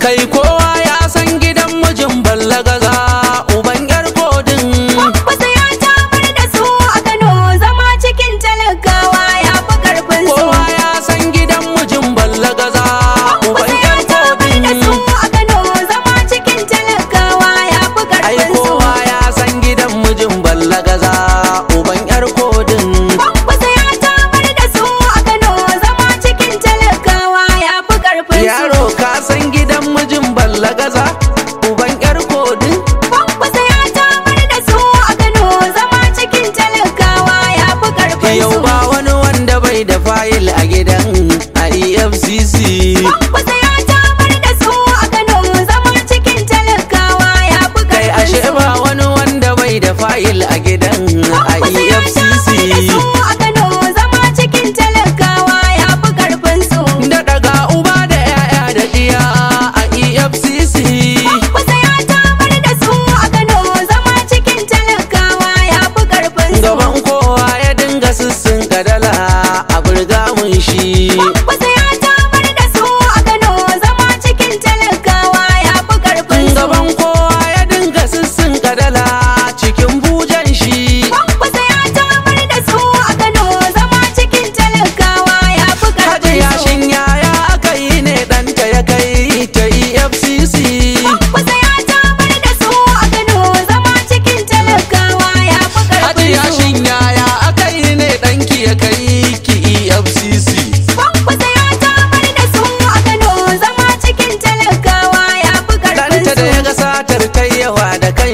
kai kowa ya san gidan mijin ballaga a gidan a efcc kwamfuta ya tabar da su a kano zama cikin talakawa ya fi kai ashe ba wani wanda bai da fayil a gidan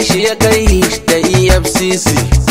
shi ya kai da efcc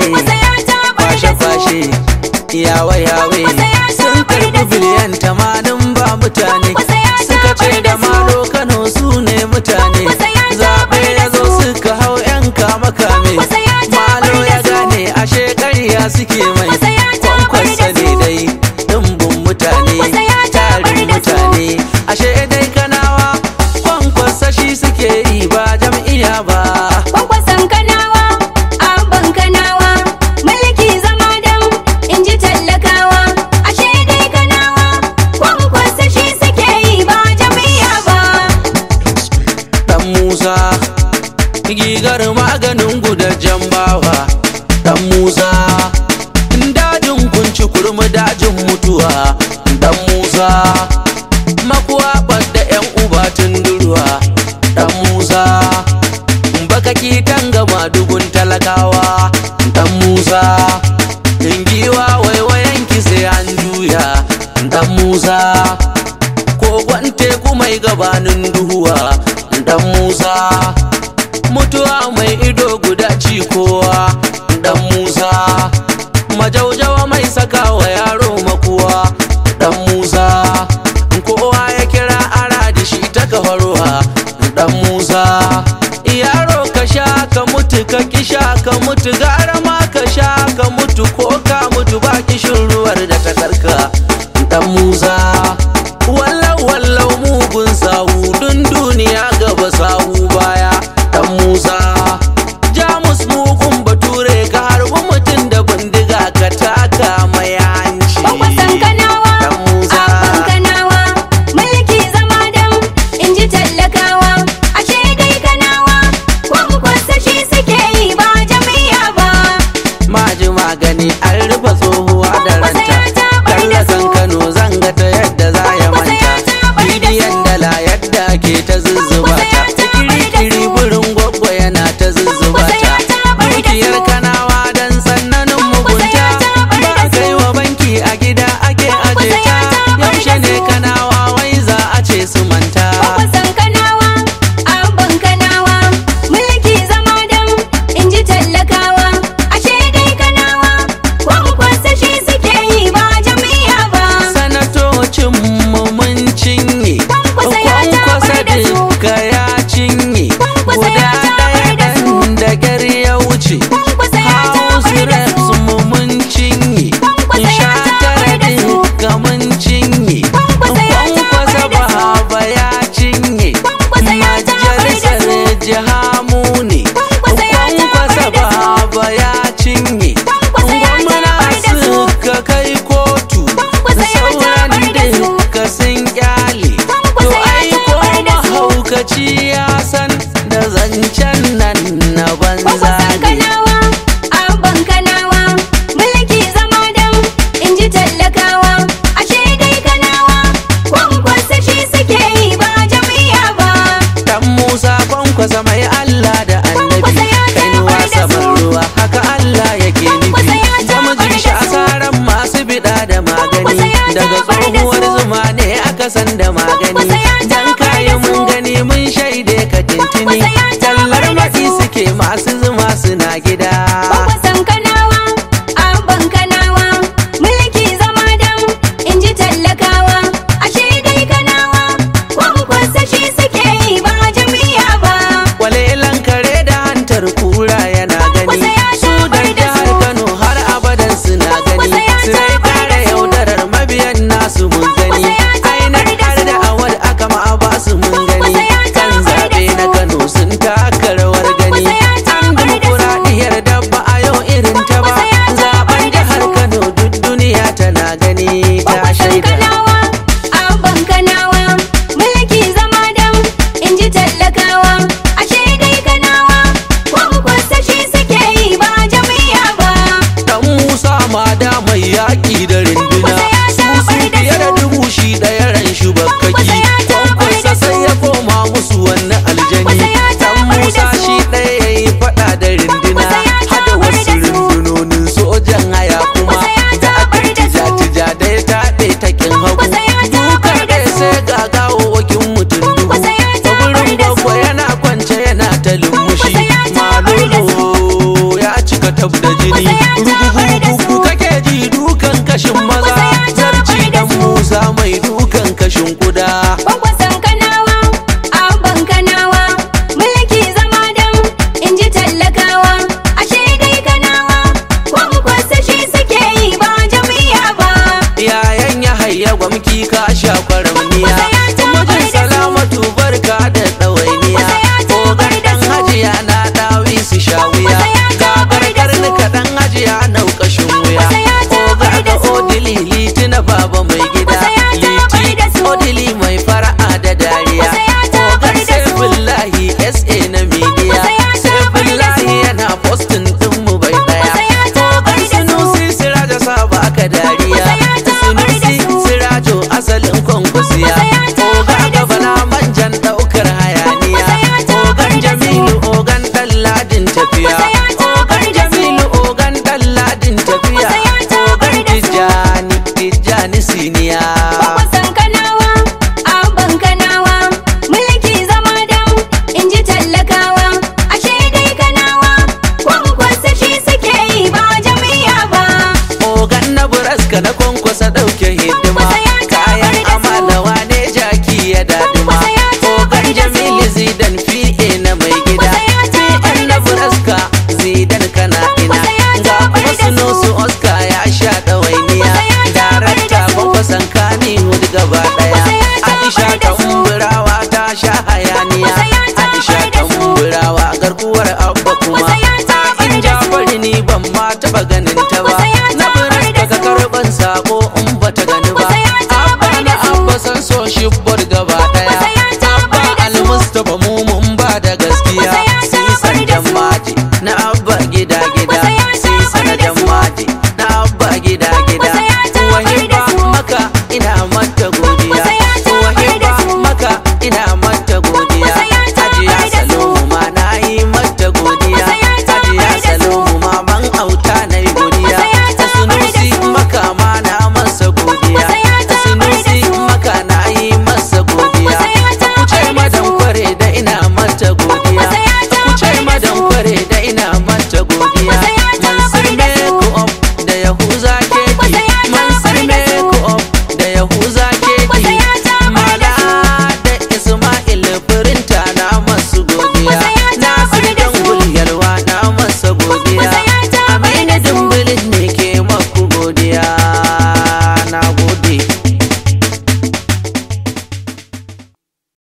shaye-shaye kwashe yawa sun karbi biliyan tamanin ba mutane suka ce da dan musa dajin kunci kurmi dajin mutuwa dan musa makuwa da yan uba tunduruwa dan musa baka ki kan gama dugun talakawa dan musa giwa waiwayen ki sai an juya dan musa gwante teku mai gabanin duhuwa dan musa mutuwa mai ido guda ci kowa saka wa yaro makuwa dan musa kowa ya kira ara da shi ta kafarwa dan musa yaro ka sha ka mutu ka kisha ka mutu gara ma ka sha ka mutu ko ka mutu ba kishin ruwar da ta karka dan musa ta ba